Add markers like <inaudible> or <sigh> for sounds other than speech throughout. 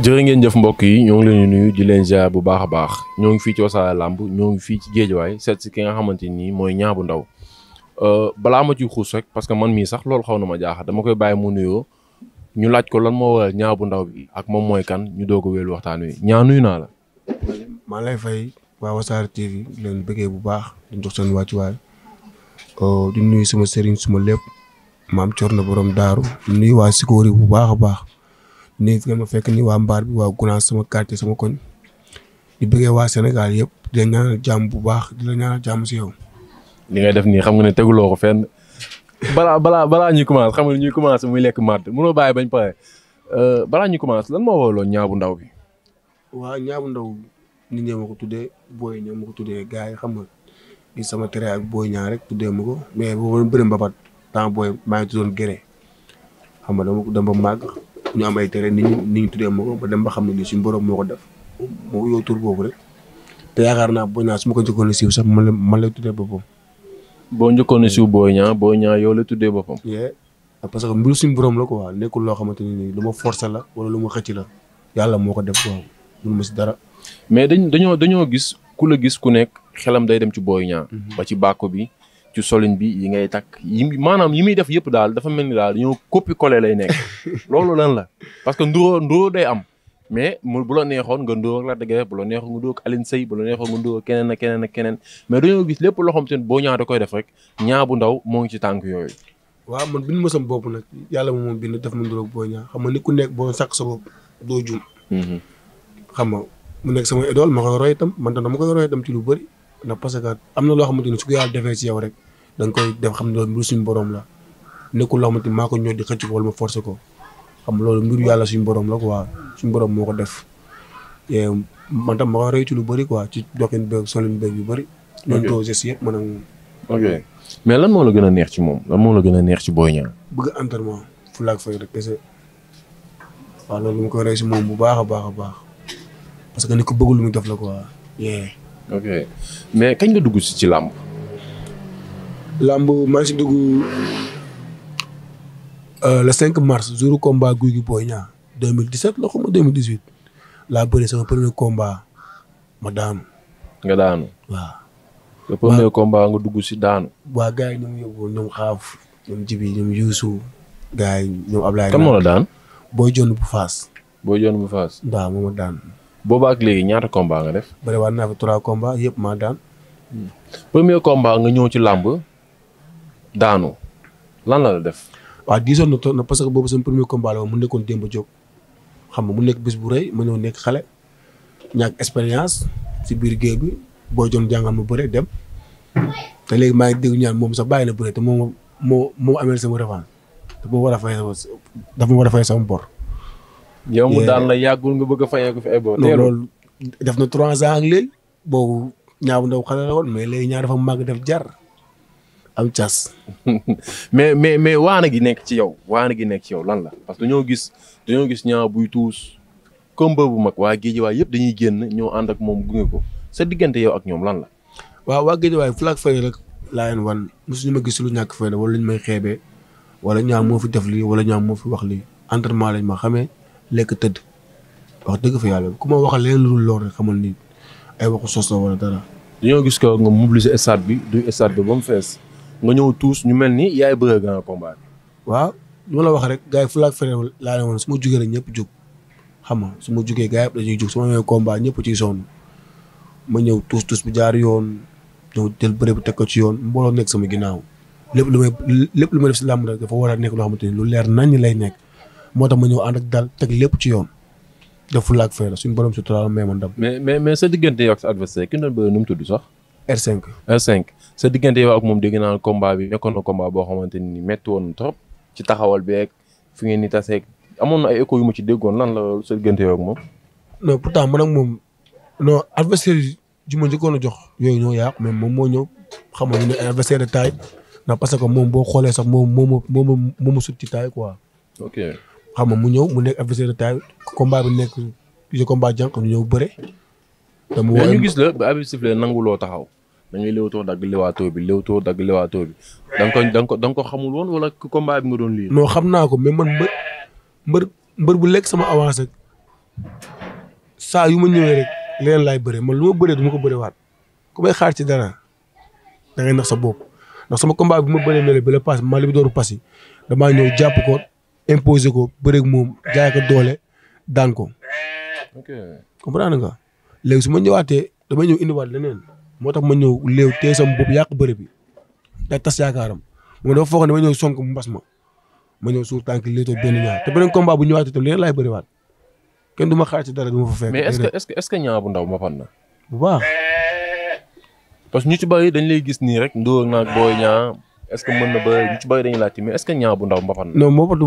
jërë ngeen jëf mbokk yi ñoo ngi leen di nuyu di leen ziar bu baax a baax ñoo ngi fii ci Wassare Lamb ñoo ngi fii ci Géejawaay seet si ki nga xamante nii mooy Niang bu Ndaw euh, balaa ma ciy xuus rek parce que man mii sax loolu xaw na ma jaaxal dama koy bàyyi mu nuyoo ñu laaj ko lan moo waral Niang bu Ndaw bi ak moom mooy kan ñu doog a welu waxtaan wi Niang nuyu naa la. maa lay fay waa Wassare TV di bëggee bu baax di jox seen wàccuwaay euh, di nuyu sama sëriñ suma lépp maam Coor na borom daaru nuyu waa Sikori bu baax a baax. nii nga ma fekk ni waa mbaar bi waa Gunaas sama quartier sama koñ di bëggee waa Sénégal yëpp di la ñaanal jàmm bu baax di la ñaanal jàmm si yow. li ngay def nii xam nga ne teguloo ko fenn balaa balaa balaa ñuy commencé xam nga ñuy commencé muy lekk màdd mënoo bàyyi bañ pare euh, balaa ñuy commencé lan moo waraloon ñaabu ndaw bi. waa ñaabu ndaw nit ñi ko tuddee booy ñoom tuddee gars yi xam nga sama terrain ak ñaar rek tuddee ma ko mais boo ma bëri mbabat temps booy maa ngi tuddoon géré xam nga dama ku dem ba màgg ñu am ay terrain ni ñu ni tuddee moo ko ba dem ba xam ne ni suñu borom moo ko def moo tur boobu rek te yaakaar naa Boy su ma ko njëkkoon a siiw sax man la man la tuddee boppam. boo njëkkoon a siiw Boy Niang Boy Niang yow la tuddee boppam. parce que mbiru suñu borom la ko waa nekkul loo xamante ne nii lu ma forcer la wala lu ma xëcc la yàlla moo ko def waaw mënu ma si dara. mais dañ dañoo dañoo gis ku la gis ku nekk xelam day dem ci Boy Niang. Mhm. ba ci bàkko bi. ci solin bi yi ngay takk yi maanaam yi muy def yëpp daal dafa mel ni daal dañoo copie coller lay nekk <laughs> loolu lan la parce que nduroo nduroo day am mais mu bu la neexoon nga nduroo ak Lac de Guiers bu la neexoon nga nduroo ak Alioune Seye bu la neexoon nga nduroo ak keneen ak keneen ak keneen mais dañoo gis lépp loo xam te ne boo ñaata koy def rek ñaa bu ndaw moo ngi ci tànk yooyu waaw man bind ma sama bopp nag yàlla moom bind def ma nduróog boo ñaa xam nga ni ku nekk boo sàkk sa bopp doo juum mm-hmm. xam nga mu nekk sama idole ma koy roy itam man tam dama koy roy itam ci lu bëri ndax parce que am na loo xamante ni su ko yàlla defee ci yow rek da nga koy def xam ne loolu mbiru suñu borom la nekkul loo xamante ni maa ko ñëw di xëcc ma forcé ko xam loolu mbiru yàlla suñu borom la quoi suñu borom moo ko def. man tam ma ko rëy ci lu bëri quoi ci doxin beeg solin yu bëri. ok loolu doo geste mais lan moo la gën neex ci moom lan moo la gën a neex ci Boy Niang. bëgg entraînement fulaak fay rek kese waaw loolu ma koy rëy si moom bu baax a baax a baax parce que ni ko lu muy def la quoi. ok mais kañ nga dugg si ci làmb. làmb maa ngi si dugg euh, le 5 mars jour combat Gouye Gui Boy Niang la xaw laa bëri sama premier combat ma daanu. nga daanu. waaw. le premier combat nga dugg si daanu. waa gaa yi ñoom yóbbu ñoom xaaf ñoom jibi ñoom yuusu gars yi ñoom Ablaye. kan moo la bu Faas. Boy John bu Faas. waaw moom la daan. boobaa ak léegi ñaata combat nga def. bëri waat naa fi trois combats yëpp maa daan. premier combat nga ñëw ci làmb daanu lan la la def. waa diisoon na toog na parce que boobu sama premier combat la woon mu nekkoon démb jóg xam nga mu nekk bis bu rëy ma ñëw nekk xale ñàkk expérience si biir géew bi boo doon jàngal mu bëre dem te léegi maa ngi dégg ñaan moom sax bàyyi na bëre te moom moo moo amee sama revanche te moo war a fay dafa war a fay sama bor. yow mu daan la yàggul nga bëgg a fayeeku fi ay bor. teelul loolu def na trois ans ak léegi boobu ñaaw ndaw xale la woon mais léegi ñaar dafa màgg def jar am cas. <laughs> mais mais mais waana gi nekk ci yow waana gi nekk ci yow lan parce que dañoo gis dañoo gis ñaaw buy tuus combat bu mag waa géej waay yëpp dañuy génn ñoo ànd ak moom gunge ko sa diggante yow ak ñoom lan la. waaw waa géej waay flag rek laa leen wan mosuñu ma gis lu ñàkk fay la wala luñ may xeebee wala ñaaw moo fi def li wala ñaaw moo fi wax lii entrement lañ ma xamee. lekk tëdd wax dëgg fa yàlla ku ma waxal leen lu lool rek xamal ay waxu sos la dara. dañoo gis ko nga mobiliser stade bi du stade bi ba mu fees nga ñëw tuus ñu mel ni yaay bëre grand waaw li ma la wax rek gars fu laaj ferewul laa ne su ma jugee rek ñëpp jóg xam nga su ma jugee gars yëpp dañuy jóg su ma ñëwee combat ñëpp ciy sonn ma ñëw tuus tuus bu jaar yoon ñëw jël bëre bu teg ko ci yoon mbooloo nekk sama ginnaaw lépp lu may lépp lu may def si làmb a nekk loo xamante ni lu leer nañ lay nekk. moo tax ma ñëw ànd ak daal teg lépp ci yoon def fulla ak fayda suñu borom sutura may ma ndam. mais mais mais sa diggante yow ak sa adversaire ki doon bëri mu tudd sax. R5. sa diggante yow ak moom dégg naa combat bi nekkoon na combat boo xamante ni metti woon trop ci taxawal beeg fi ngeen ni taseeg amoon na ay écho yu ma ci déggoon lan la sa diggante yow ak moom. non pourtant man ak moom non adversaire ju ma njëkkoon a jox yooyu ñoo yàqu mais moom moo ñëw xam nga ñu ne adversaire de parce que moom boo xoolee sax moom moo ma moo ma moo ma sut ci taille quoi. ok xam nga mu ñëw mu nekk adversaire de taille combat bi nekk ci combat jànq ñu ñëw bëre. te mu ñu gis la ba Habib Sifle nanguloo taxaw da ngay bi léewtoo dagg léwaatoo bi da nga ko da nga ko da nga ko xamul woon wala bi nga doon lii. non xam naa ko mais man mbër mbër mbër bu lekk sama avance ak saa yu ma ñëwee rek leneen laay bëree man lu ma bëree du ma ko bëree waat ku may xaar ci dara da ngay nax sa bopp ndax sama combat bi ma bëree ne la la pass maa li bi dooru pass damaa ñëw jàpp ko imposer ko bëreeg moom jaay ko doole daan ko. ok nga léegi su ma ñëwaatee dama ñëw indiwaat leneen moo tax ma ñëw léew tee sama bopp yàq bëre bi day tas yaakaaram moom dafa foog ne dama ñëw sonk mu mbas ma ma ñëw suur tànk léetoo benn ñaar te beneen combat bu ñëwaatee tam leneen laay bëriwaat kenn du ma xaar ci dara du ma fa fekk. mais est-ce que bu ndaw mbapat na. bu baax. parce que ñu ci bari dañ lay gis nii rek Ndour naag Boy Niang est-ce que mën na ba ñu ci bëri dañuy laajte mais est-ce que Niang ndaw mbapat na. non mbapatu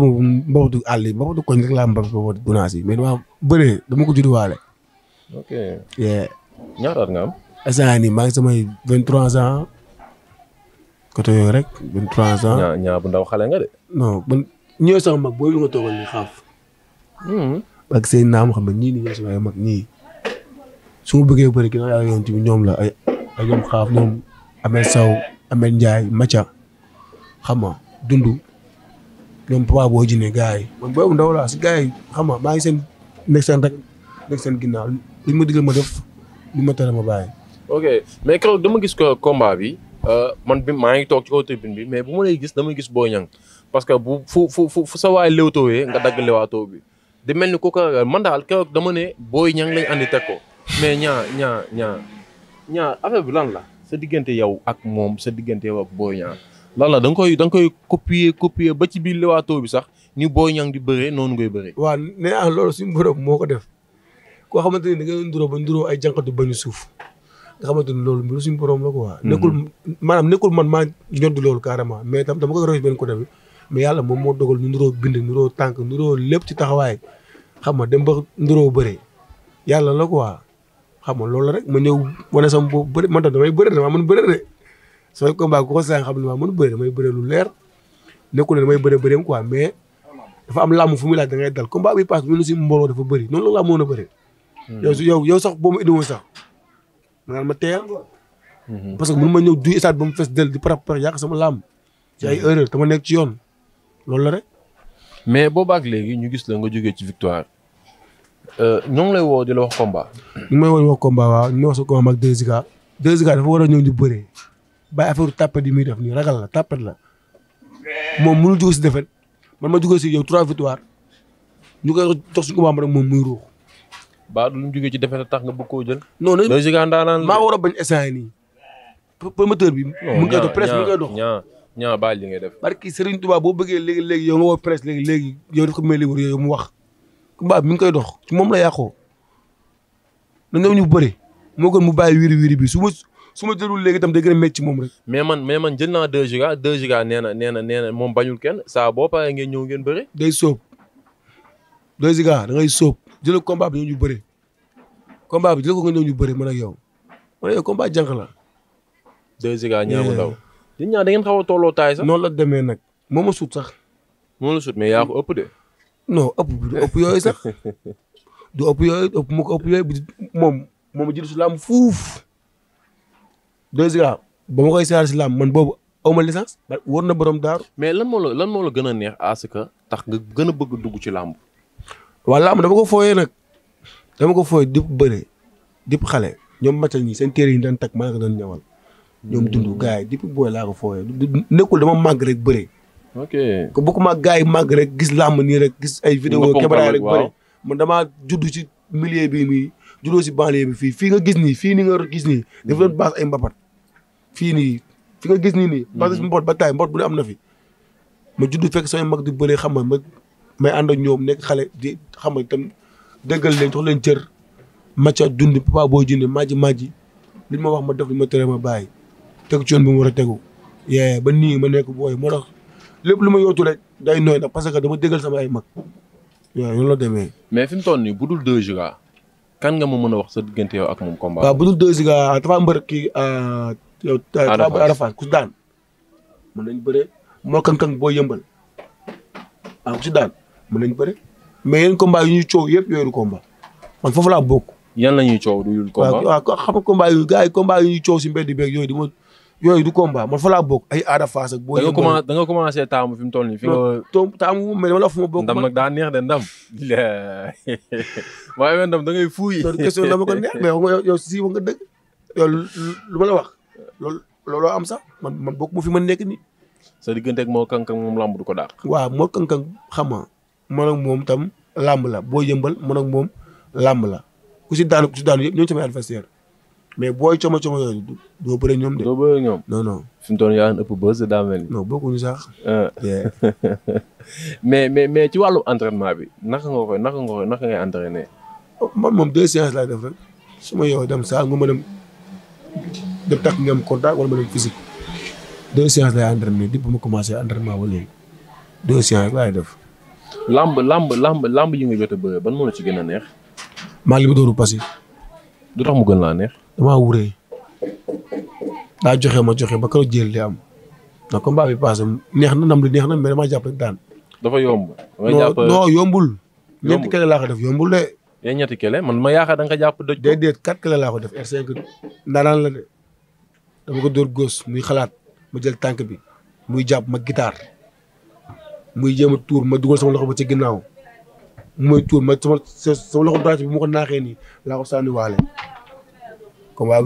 mbapatu àll yi mbapatu koñ rek mbapat mbapatu gunaas mais dama bëree am. instant yii ngi samay 23 yooyu rek 23 ans. bu ndaw xale nga booy bi nga toogal nii xaaf. ak seen naam xam ne nii ñoo sama mag ñii su ma bëggee bëri ginnaaw yoon ci ñoom la ay ay xam nga dund ñoom Papa Boy Djiné yi man boobu ndaw laa si gars yi xam nga maa ngi seen nekk seen rek nekk seen ginnaaw li ma digal ma def li ma tere ma bàyyi. ok mais keroog dama gis ko combat bi euh, man bi maa ngi toog ci kaw bi mais bu ma lay gis damay gis Boy Niang parce que bu fu fu fu sa waay léewtoowee nga dagg léewaatoo bi di mel ni ku ko man daal keroog dama ne Boy Niang lañ andi teg ko mais ñaa ñaa ñaa ñaa affaire bi lan la sa diggante yow ak moom sa diggante yow ak Boy Niang lan la da nga koy da nga koy ba ci biir lewaatoo bi sax ni Boy Niang di bëree noonu ngay bëree. waaw nee naa loolu suñu moo ko def koo xamante ni da ngay nduroo ba nduroo ay jànqatu bañu suuf nga xamante ni loolu mbiru suñu borom la quoi. Mhm. nekkul maanaam nekkul man maa ñoddu loolu carrément mais tam dama ko rafetlu benn côté bi mais yàlla moom moo dogal ñu nduroo bind nduroo tànk nduroo lépp ci taxawaay xam nga dem ba nduroo bëree yàlla la quoi xam nga loolu rek ma ñëw wane sama boobu bëri man ma damay bëri damaa mën bëri samay combat ku ko saa xam ne maa mën a bëri damay bëri lu leer nekkul ne damay bëri bëreem quoi mais dafa am làmm fu muy laaj da ngay dal combat bi passe bi ñu si mbooloo dafa bëri noonu la laa mën a bëri. Hmm. yow si yow yow sax boo ma indiwoon sax maanaam ma teel. Hmm. parce que mën ma ñëw duy stade ba mu fees del di para para yàq sama làmm. ci ay hmm. erreur dama nekk ci yoon loolu la rek. mais boobaak léegi ñu gis la nga jógee ci victoire euh, ñoo ngi lay woo di la wax combat. ñu may woo di wax combat waaw ñu may wax sa combat ak 2Ziga 2Ziga dafa war a ñëw ñu bëree bàyyi affaire tàppet yi muy def nii ragal la tàppet la moom mu jóge si defet man ma jóge si yow trois victoire ñu koy jox suñu mbaam rek moom muy ruux. ba lu mu jógee ci defet tax koo jël. non non a bañ bi. mu ngi koy dox presse mu ngi koy dox. ñaa ñaa baal boo bëggee léegi léegi yow nga woo presse léegi léegi yow daf ko mel ni yow mu wax. combat bi mi ngi koy dox moom la yàqoo. na ñoom ñu bëri moo gën mu bàyyi wiiri wiiri bi su su ma jëlul léegi itam day gën a métti ci mais man mais man jël naa 2 giga 2 giga nee na nee na nee na moom bañul kenn saa boo paree ngeen ñëw ngeen bëri. day sóob 2 da ngay sóob jël combat bi ñëw ñu bi jël ko nga ñëw ñu yow man yow combat jànq la. 2 giga ñaar da ngeen xaw a tolloo taay sax. noonu la demee nag moo ma sut sax. moo la mais yaa ëpp de. non ëpp yooyu sax <laughs> du ëpp moom moom a jël su fuuf. 2 Giga boo ma koy seetaan si làmb man boobu aw ma licence war na borom daaru. mais lan moo la lan moo la gën neex à que tax nga gën a bëgg dugg ci làmb. waaw làmb dama ko fooyee nag dama ko fooyee dip bëre dip xale ñoom matal ñi seen téere yi daan takk maa ngi doon ñëwal. ñoom dund gars yi dip booy laa ko fooyee nekkul dama màgg rek bëre. ok ko bokkuma gars yi màgg rek gis làmb nii rek gis ay vidéo caméra rek bëre man damaa judd ci milieu bii nii juddoo si banlieue bi fii fii nga gis ni fii ni nga gis nii dafa doon baas ay mbapat fii nii fi nga gis nii nii. parce mhm. que ba taay mboot bu ne am na fi. ma judd fekk samay mag di bëre xam ma may ànd ak ñoom nekk xale di xam nga tam déggal leen jox leen cër. Macha dund papa boo junne maaji maaji li ma wax ma def li ma tere ma ci yoon bi mu war a tegu. yee ba nii ma nekk booy moo tax lépp lu ma yootu rek day nooy nag parce que dama déggal sama ay mag. waaw loolu la demee. mais fi mu toll nii bu dul deux jours kan nga ma mën a wax sa diggante yow ak moom combat. yow. Euh, Ada Fass Ada Fass ku si daan mën nañ bëre moo kankang boo yëmbal a ah, ku si daan mën nañ bëre mais yéen combat yi ñuy coow yëpp yooyu du combat man foofu laa bokk. yan la ñuy coow du yul combat waaw waaw xam nga combat yu gars yi coow si mbedd di ma yooyu du combat man fa laa bokk ay Ada Fass ak. boo yëngal da nga commencé taamu fi tol ni fi nga taamu mais dama la fu ma bokk. ndam nag daa neex de ndam. <laughs> waaye ndam da ngay fuuy. question dama ko neex mais yow si wax nga dëgg yow lu ma la loolu looloo am sax man man bokk mu fi mën nekk nii. sa diggante ak moo kankang moom làmb ko daax. waa moo kankang xam nga man moom tam làmb la boo yëmbal man moom làmb la ku si daanu ku si daanu yëpp ñooñu samay adversaire mais booy coomo coomo yooyu du doo bëre ñoom de. doo bëre ñoom daa mel ni. non ah. <laughs> mais mais mais ci wàllu entraînement bi naka nga koy naka nga koy naka ngay entraîné. Oh, man moom deux séances laay def rek su ma yow dem saa nga ma dem. def tax nga am contact wala ma dem physique deux séances lay entraîné depuis ma commencé entraînement ba léegi deux séances laay def. lamb lamb lamb lamb yi nga jot a bëre ban moo la ci gën a neex. maa ngi dooru passé. du tax mu gën laa neex. damaa wuree joxe ma joxe ba keroog jël di am ndax combat bi passé neex na nam li neex na mais damaa jàpp rek daan. dafa yomb. non yombul. ñetti kele laa ko def yombul de. yaa eh, ñetti kele man ma yaakaar da nga jàpp laa ko def R5 ndaanaan la de. dama ko dóor góos muy xalaat mu jël tànk bi muy jàpp ma gitaar muy jéem a tuur ma dugal sama loxo bu ci ginnaaw muy tuur ma sama sama loxo bi mu ko nii laa ko sànni waale. combat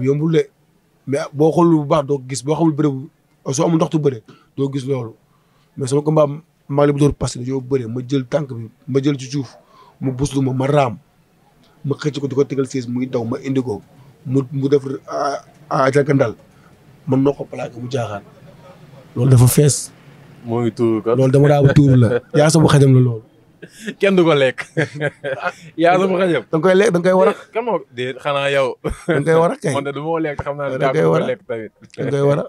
bi yombul de mais boo xoolul bu baax doo ko gis boo xamul bëre bu soo amul ndoxtu bëre doo gis loolu mais sama combat maa ngi bu dóor parce que dañoo bëre ma jël tànk bi ma jël ci suuf mu buslu ma ma raam ma xëcc ko di ko tegal siis muy daw ma indi ko mu mu def a jàkkandal mën na ko plaqué bu jaaxaan loolu dafa fees. moo ngi tuuru kat loolu dama daa ba tuuru la yaa sama xajam la loolu. <laughs> kenn du ko lekk. <laughs> yaa sama xajam. da nga koy lekk da nga koy war a. xanaa yow. da nga war a kay <laughs> man de lekk xam naa ne daa da nga war a.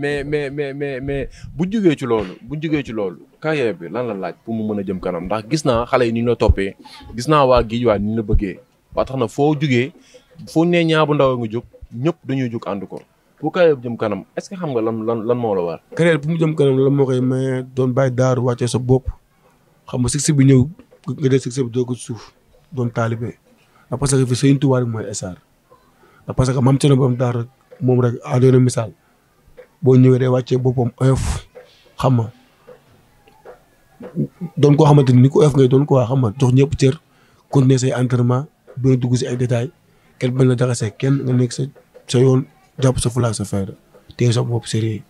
mais mais mais mais mais bu jugee ci loolu bu jugee ci loolu carrière bi lan la laaj pour mu mën a jëm kanam ndax gis naa xale yi ni ñu la toppee gis naa waa Guédiawaye ni ñu la bëggee waa tax na foo jugee fu ne ñaa bu ndaw nga jóg ñëpp dañuy jóg ànd ko bu carrière bu jëm kanam est-ce que xam nga lan lan lan moo la war. carrière bu mu jëm kanam lan moo koy maye doon bàyyi daaru wàccee sa bopp xam nga succès bi ñëw nga def succès bi doog suuf doon taalibe parce que fi Sëriñ Tuubaa mooy esaar parce que maam Cerno Boroom Daara moom rek a doon boo ñëwee wàccee boppam xam nga doon koo xamante ni ko ngay doon ko waa xam nga jox ñëpp cër continuer say entrement ba dugg si ay détails kenn bañ la jaxasee kenn nga sa yoon jàpp sa fulaak sa fayda téye sa bopp sérieux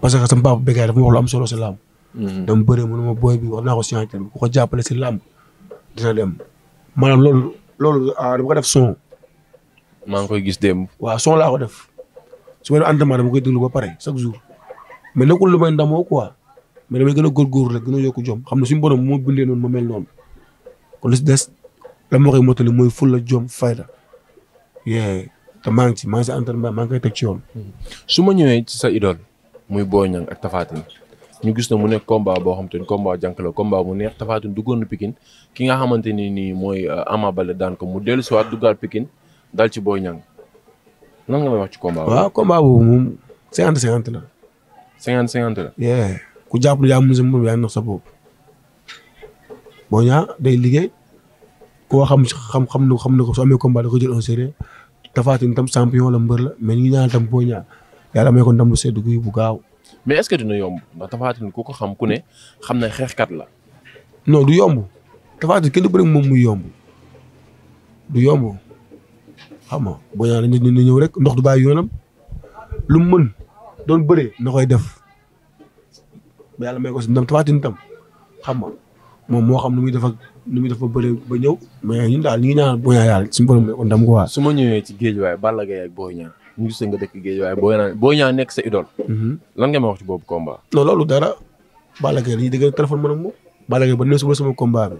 parce que sama papa Bécaye dafa ma wax lu am solo si làmb. Mm-hmm. dama bëre mu ne ma booy bi wax naa ko si ñaareel ku ko jàppale si làmb dina dem maanaam loolu loolu ah, ko def son. maa ngi koy gis démb. waaw son laa ko def su ma def entraînement dama koy déglu ba pare chaque jour mais nekkul lu may ndamoo quoi mais damay gën a góorgóorlu rek gën a yokk jom xam ne suñu borom moo bindee noonu ma mel noonu kon lu des la ma koy mooy ful la jom yee te maa ngi ci maa ngi si entraînement maa ngi koy teg ci yoon. Hmm. su ma ñëwee ci sa idole muy Boy Niang ak Tapha ñu gis na mu nekk combat boo xam te ni combat jànk la bu neex Tapha Tine duggoon ki nga xamante ni nii mooy uh, Ama Baldé daan ko mu dellu si waat duggaat ci Boy Niang lan nga wax ci combat boobu. waaw combat ku jàpp yaa mun sa moom yaa nax sa bopp. Boy Niang day liggéey koo xam xam xam na ko su amee combat da ko jël en sérieux Tapha Tine tam champion la mbër la mais ñu ngi ñaan tam boo ñaa yàlla amee ko ndam lu sedd guy bu gaaw. mais est-ce que dina yomb ndax Tapha Tine ku ko xam ku ne xam na xeexkat la. non du yomb Tapha Tine kenn du yomb xam nga boo ñaa dañu ndox du bàyyi yoonam lu mu mën doon bëree na koy def ba yàlla may ko si ndam Tapha Tine tam xam moom moo xam lu muy def lu mu dafa bëre ba ñëw. mais ñun daal ñu ngi ñaan Boy Niang su ma ñëwee ci Guédiawaye Balla Gaye ak Boy Niang ñu gis nga dëkk Guédiawaye Boy Niang nekk sa idole. Mm-hmm. lan nga ma wax ci boobu combat. non loolu dara Balla Gaye dañuy dégg téléphone man ak moom Balla Gaye ba ne ma sama combat bi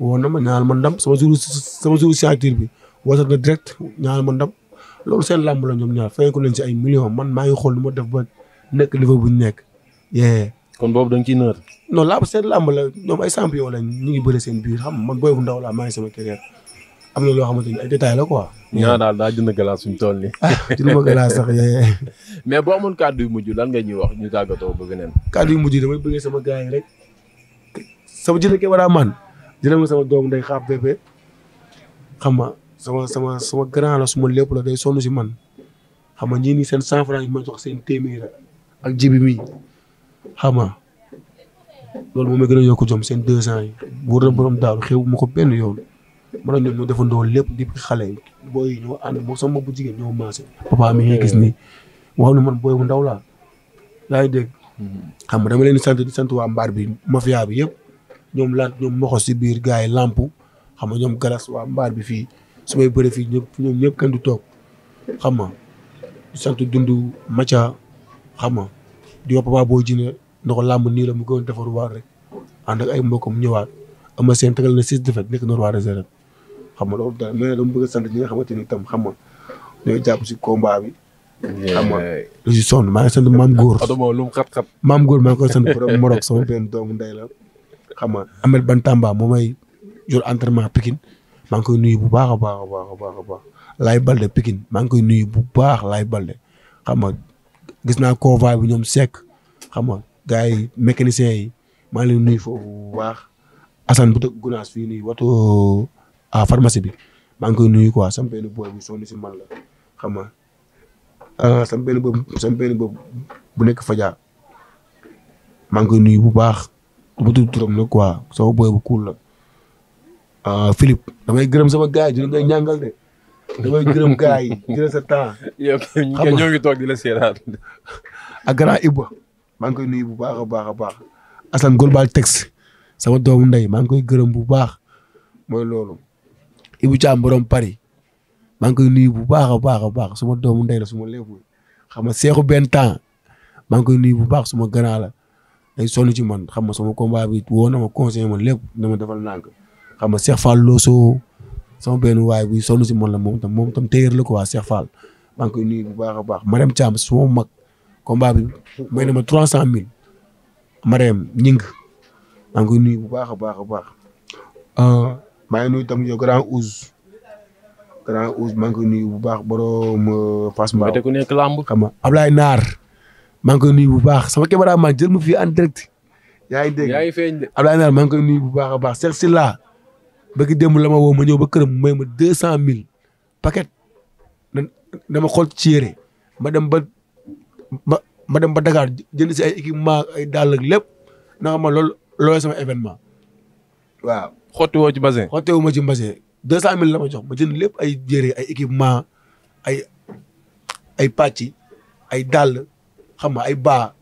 woo na ma ñaanal ma ndam sama jour sama jour signature bi wasat na direct ñaan ma ndam loolu seen làmb la ñoom ñaar fay ko leen ci ay millions man maa ngi xool lu ma def ba nekk niveau bu ñu nekk kon boobu da nga ciy nër. non làmb seen làmb la ñoom ay champion lañ ñu ngi bëre seen biir xam man booy bu ndaw laa maa ngi sama carrière am na loo xamante ni ay détails la quoi. ñaa daal daa jënd galaas suñu tool nii. Ah, jënd ma galaas sax <laughs> mais boo amoon kàddu yu mujj lan nga ñuy wax ñu tàggatoo ba beneen. kàddu yu mujj damay bëggee sama gars yi rek sama jënd kii war man jënd ma sama doom day xaar bébé xam nga sama sama sama grand suma lépp la day sonn si man xam nga ñii nii seen cent franc yi ma jox seen téeméer ak jibi mi xam nga loolu moom la gën a yokk jom seen deux ans yi wóor na borom daaru xew ma ko benn yoon ma ne ñoom ñu defandoo lépp depuis xale yi booy yi ñoo ànd sama bu jigéen ñoo maase. papa mi ngi gis nii waaw na man booy bu ndaw laa yaa ngi dégg. xam nga dama leen di sant di sant waa mbaar bi mafia bi yëpp ñoom lant ñoom moxos si biir gars yi làmp xam nga ñoom galas waa mbaar bi fii su may bëre fii ñëpp ñoom ñëpp kenn du toog xam nga sant dundu macha xam nga di ko Papa Boy Djiné na ko làmb nii la mu gën a defaruwaat rek ànd ay ay mbokkam ñëwaat ama seen tegal na six défaites nekk na a des arènes xam nga loolu daal mais nag dama bëgg a sant ñi nga xamante ni tam xam nga ñooy jàpp si combat bi. xam nga maa ngi sant maam góor. lu mu xat-xat. maam góor maa ngi koy sant borom Morog sama la xam nga Amel Bantamba moo may jor entraînement Pikine maa koy nuyu bu baax baax a baax a baax Laay Balde Pikine maa ngi koy nuyu bu baax Laay Balde xam gis naa convoi bi ñoom Seck xam nga gars yi mécaniciens yi maa ngi leen nuyu foofu bu baax Assane bu dëkk Gunaas fii nii watu euh, à pharmacie bi maa ngi koy nuyu quoi sama benn booy bu sonn si man la xam nga ah sama benn boobu bu nekk Fadia maa ngi koy nuyu bu baax du ma turam nag quoi sama booy bu cool la ah, Philippe damay gërëm sama gars yi ngay ñàngal de. damay gërëm gars yi jël sa temps. xam nga ñoo ngi toog la seeraat. ak grand Ibba maa ngi koy nuyu bu baax a baax a baax Assane Golbal Tex sama doomu ndey maa ngi koy gërëm bu baax mooy loolu. Ibou Thiam borom Paris maa ngi koy nuyu bu baax a baax a baax suma doomu ndey la suma lépp xam nga seexu benn temps maa ngi koy nuyu bu baax suma grand la day sonn ci man xam nga sama combat bi woo na ma conseillé ma na dama defal nànk xam seex Cheikh Fall Loso sama benn waay buy sonn si man la moom tam moom tam téyër la quoi Cheikh Fall maa ngi koy bu baax a baax Marème Thiam su ma mag combat bi na ma trois cent mille Marème ñing maa ngi koy bu baax a baax a baax euh, maa ngi nuyu tam yow grand Ouz grand bu baax borom euh, Fass Mbao ku nekk lamb xam nga Naar maa ngi koy bu baax sama caméraman jël ma fii en direct yaa ngi dégg yaa ngi feeñ de Ablaye Naar bu baax a baax Cheikh Sylla bëgg démb la ma woo ma ñëw ba këram may ma deux cent mille paquet dama xool ci yére ma dem ba ma ma dem ba Dakar jënd si ay équipement ay dàll ak lépp na ma loolu loolu sama événement waaw. xotti woo ci bassin. xotti ma ci bassin deux cent mille la ma jox ma jënd lépp ay yére ay équipement ay ay pàcc ay dàll xam nga ay baa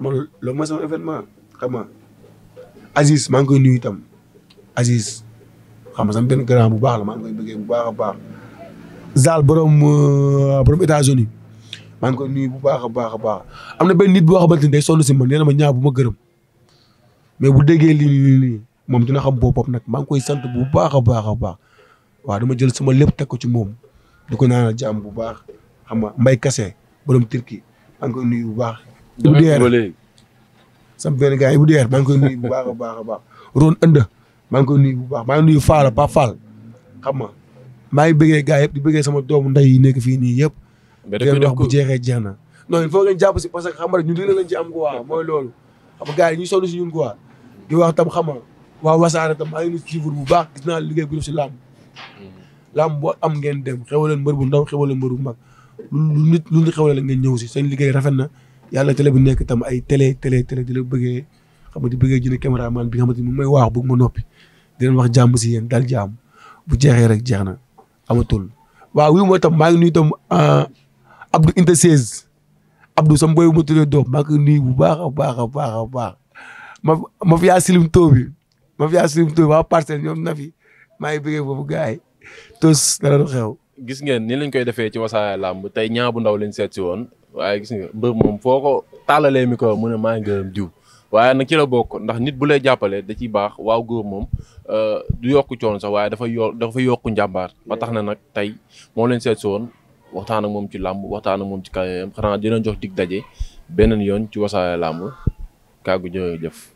man loolu mooy sama événement xam Aziz maa ngi koy nuyu itam Aziz. xam nga sama benn grand bu baax la maa ngi koy bëggee bu baax a baax. Zal borom euh, borom États-Unis maa ngi koy bu baax a baax a baax am na benn nit boo xamante ni day sonn si man nee na ma ñaaw bu ma gërëm mais bu déggee lii moom dina xam boppam nag maa ngi koy sant bu baax a baax a baax waaw dama jël sama lépp teg ko ci moom di ko naanal jàmm bu baax xam nga mbay kase borom turki maa ngi koy bu baax. bu dee rek sama benn gars yi baax a baax a baax roon ënd maa ngi koy nuyu bu baax maa ngi nuyu Fall Pape Fall xam nga maa ngi bëggee gaa yëpp di bëggee sama doomu ndey yi nekk fii nii yëpp. mais wax bu jeexee jeex na. non il faut jàpp si parce que xam nga ñun dina lañ ci am mooy loolu xam nga yi ñu sonn si ñun quoi di wax tam xam nga waa wasaare tam maa ngi nuyu suivre bu baax gis naa liggéey bu def si làmb. laam boo am ngeen dem xewaleen mbër bu ndaw xewaleen mbër bu mag lu nit lu nit xewalee ngeen ñëw si seen liggéey rafet na yàlla télé bu nekk tam ay télé télé tele di la bëggee xam nga di bëggee jëlee caméraman bi nga xamante ni moom may waax bëgg ma noppi di wax jàmm si yéen dal jàmm bu jeexee rek jeex na amatul. waaw wii moo tam maa ngi nuyu itam ah, Abdou Inte Seize Abdou sama boy bu ma bu baax baax a baax a baax ma ma silim too bi ma fi waa parcelle ñoom na fi maa ngi bëggee foofu gars yi dara du xew. gis ngeen ni lañ koy defee ci Wassare bu tey ñaa bu ndaw lañ seet si woon waaye gis nga mbër moom foo ko tàllalee mi ko mu ne maa ngi diw. waaye nag ci la bokk ndax nit bu lay jàppalee da ciy baax waaw góor moom euh, du yokk coono sax waaye dafa yo dafa yokk njàmbaar ba tax na nag tey moo leen seet si woon waxtaan ak moom ci làmb waxtaan ak moom ci kàddu xanaa dina jox dig daje beneen yoon ci wasaare làmb kàggu jëf.